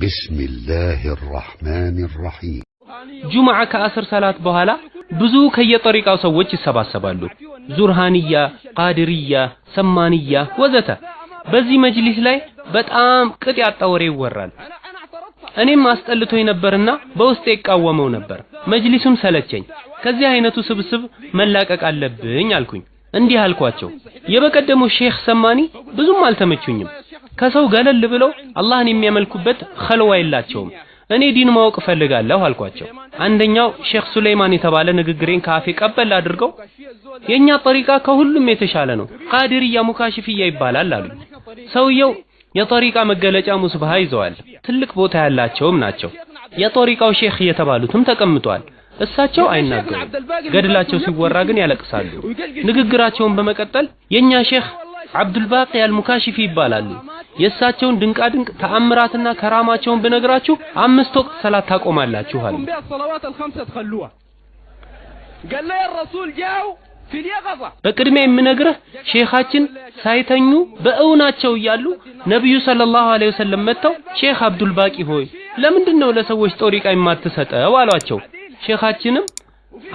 ቢስሚላህ ራሕማን ራሒም። ጁምዓ ከአስር ሰላት በኋላ ብዙ ከየጠሪቃው ሰዎች ይሰባሰባሉ። ዙርሃንያ፣ ቃድርያ፣ ሰማንያ ወዘተ። በዚህ መጅሊስ ላይ በጣም ቅጥ ያጣ ወሬ ይወራል። እኔም አስጠልቶ ነበርና በውስጤ ይቃወመው ነበር። መጅሊሱም ሰለቸኝ። ከዚህ አይነቱ ስብስብ መላቀቅ አለብኝ አልኩኝ። እንዲህ አልኳቸው፣ የበቀደሙ ሼኽ ሰማኒ ብዙም አልተመቹኝም። ከሰው ገለል ብለው አላህን የሚያመልኩበት ኸልዋ የላቸውም። እኔ ዲን ማወቅ እፈልጋለሁ አልኳቸው። አንደኛው ሼክ ሱለይማን የተባለ ንግግሬን ከአፌ ቀበል አድርገው የኛ ጠሪቃ ከሁሉም የተሻለ ነው፣ ቃድርያ ሙካሽፍያ ይባላል አሉ። ሰውየው የጠሪቃ መገለጫ ሙስባሃ ይዘዋል። ትልቅ ቦታ ያላቸውም ናቸው። የጠሪቃው ሼክ የተባሉትም ተቀምጧል። እሳቸው አይናገሩ፣ ገድላቸው ሲወራ ግን ያለቅሳሉ። ንግግራቸውን በመቀጠል የኛ ሼክ አብዱልባቂ አልሙካሽፊ ይባላሉ። የእሳቸውን ድንቃድንቅ ተአምራትና ከራማቸውን ብነግራችሁ አምስት ወቅት ሰላት ታቆማላችሁ አለ። በቅድሚያ የምነግርህ ሼኻችን ሳይተኙ በእውናቸው እያሉ ነቢዩ ሰለላሁ ዐለይሂ ወሰለም መጥተው ሼኽ አብዱል ባቂ ሆይ ለምንድን ነው ለሰዎች ጦሪቃ የማትሰጠው አሏቸው። ሼኻችንም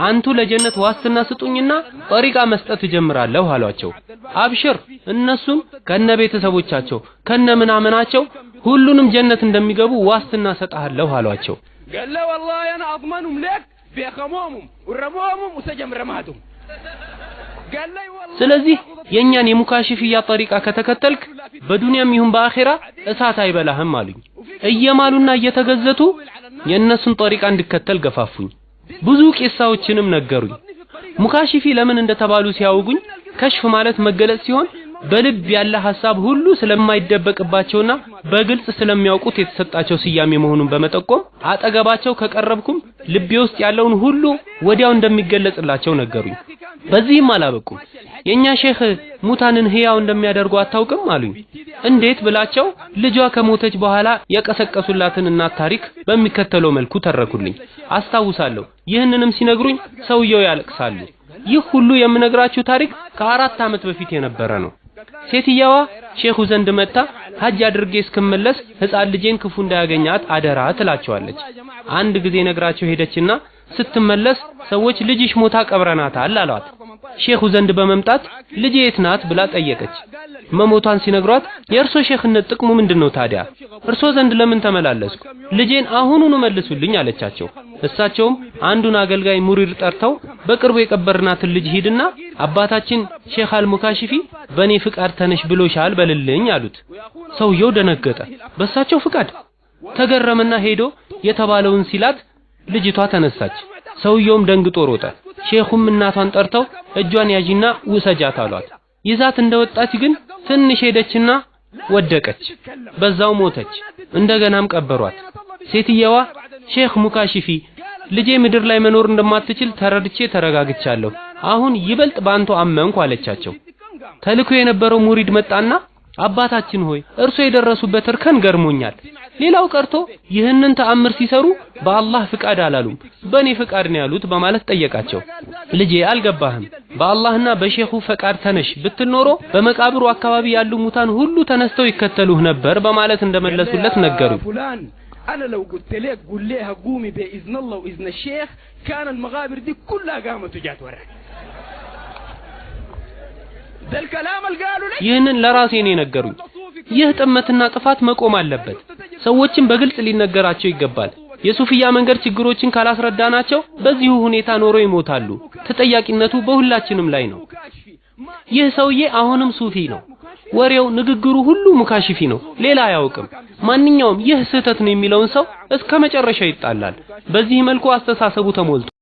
አንቱ ለጀነት ዋስትና ስጡኝና ጠሪቃ መስጠት እጀምራለሁ አሏቸው። አብሽር እነሱም ከነ ቤተሰቦቻቸው ከነ ምናምናቸው ሁሉንም ጀነት እንደሚገቡ ዋስትና ሰጣለሁ አሏቸው። قال والله انا اضمنهم لك بخمومهم ورمومهم وسجم ስለዚህ የእኛን የሙካሽፍያ ጠሪቃ ከተከተልክ በዱንያም ይሁን በአኼራ እሳት አይበላህም አሉኝ። እየማሉና እየተገዘቱ የእነሱን ጠሪቃ እንድከተል ገፋፉኝ። ብዙ ቂሳዎችንም ነገሩኝ። ሙካሽፊ ለምን እንደተባሉ ሲያውጉኝ ከሽፍ ማለት መገለጽ ሲሆን በልብ ያለ ሐሳብ ሁሉ ስለማይደበቅባቸውና በግልጽ ስለሚያውቁት የተሰጣቸው ስያሜ መሆኑን በመጠቆም አጠገባቸው ከቀረብኩም ልቤ ውስጥ ያለውን ሁሉ ወዲያው እንደሚገለጽላቸው ነገሩኝ። በዚህም አላበቁም። የኛ ሼህ ሙታንን ህያው እንደሚያደርጉ አታውቅም አሉኝ። እንዴት ብላቸው ልጇ ከሞተች በኋላ የቀሰቀሱላትን እናት ታሪክ በሚከተለው መልኩ ተረኩልኝ። አስታውሳለሁ። ይህንንም ሲነግሩኝ ሰውየው ያለቅሳሉ። ይህ ሁሉ የምነግራችሁ ታሪክ ከአራት ዓመት በፊት የነበረ ነው። ሴትየዋ ሼኹ ዘንድ መጣ ሀጅ አድርጌ እስክመለስ ህፃን ልጄን ክፉ እንዳያገኛት አደራ ትላቸዋለች። አንድ ጊዜ ነግራቸው ሄደችና ስትመለስ ሰዎች ልጅሽ ሞታ ቀብረናታል አሏት። ሼኹ ዘንድ በመምጣት ልጅ የት ናት ብላ ጠየቀች። መሞቷን ሲነግሯት የእርሶ ሼኽነት ጥቅሙ ምንድነው ታዲያ? እርሶ ዘንድ ለምን ተመላለስኩ? ልጄን አሁኑኑ መልሱልኝ አለቻቸው። እሳቸውም አንዱን አገልጋይ ሙሪር ጠርተው በቅርቡ የቀበርናትን ልጅ ሂድና አባታችን ሼህ አልሙካሽፊ በእኔ ፍቃድ ተነሽ ብሎሻል በልልኝ አሉት። ሰውየው ደነገጠ። በሳቸው ፍቃድ ተገረመና ሄዶ የተባለውን ሲላት ልጅቷ ተነሳች። ሰውየውም ደንግጦ ሮጠ። ሼኹም እናቷን ጠርተው እጇን ያዢና ውሰጃት አሏት። ይዛት እንደወጣች ግን ትንሽ ሄደችና ወደቀች። በዛው ሞተች። እንደገናም ቀበሯት። ሴትየዋ ሼኽ ሙካሽፊ ልጄ ምድር ላይ መኖር እንደማትችል ተረድቼ ተረጋግቻለሁ። አሁን ይበልጥ ባንቶ አመንኩ አለቻቸው። ተልኮ የነበረው ሙሪድ መጣና አባታችን ሆይ እርሶ የደረሱበት እርከን ገርሞኛል። ሌላው ቀርቶ ይህንን ተአምር ሲሰሩ በአላህ ፍቃድ አላሉም፣ በእኔ ፍቃድ ነው ያሉት በማለት ጠየቃቸው። ልጄ አልገባህም፣ በአላህና በሼኹ ፈቃድ ተነሽ ብትል ኖሮ በመቃብሩ አካባቢ ያሉ ሙታን ሁሉ ተነስተው ይከተሉህ ነበር በማለት እንደመለሱለት ነገሩ። انا لو قلت لك قول ليها قومي باذن الله واذن الشيخ كان المغابر دي كلها قامت وجات وراك ده الكلام اللي قالوا لي ይህንን ለራሴ ነው የነገሩኝ ይህ ጥመትና ጥፋት መቆም አለበት ሰዎችን በግልጽ ሊነገራቸው ይገባል የሱፍያ መንገድ ችግሮችን ካላስረዳናቸው በዚሁ ሁኔታ ኖሮ ይሞታሉ ተጠያቂነቱ በሁላችንም ላይ ነው ይህ ሰውዬ አሁንም ሱፊ ነው ወሬው፣ ንግግሩ ሁሉ ሙካሽፊ ነው፣ ሌላ አያውቅም። ማንኛውም ይህ ስህተት ነው የሚለውን ሰው እስከ መጨረሻ ይጣላል። በዚህ መልኩ አስተሳሰቡ ተሞልቶ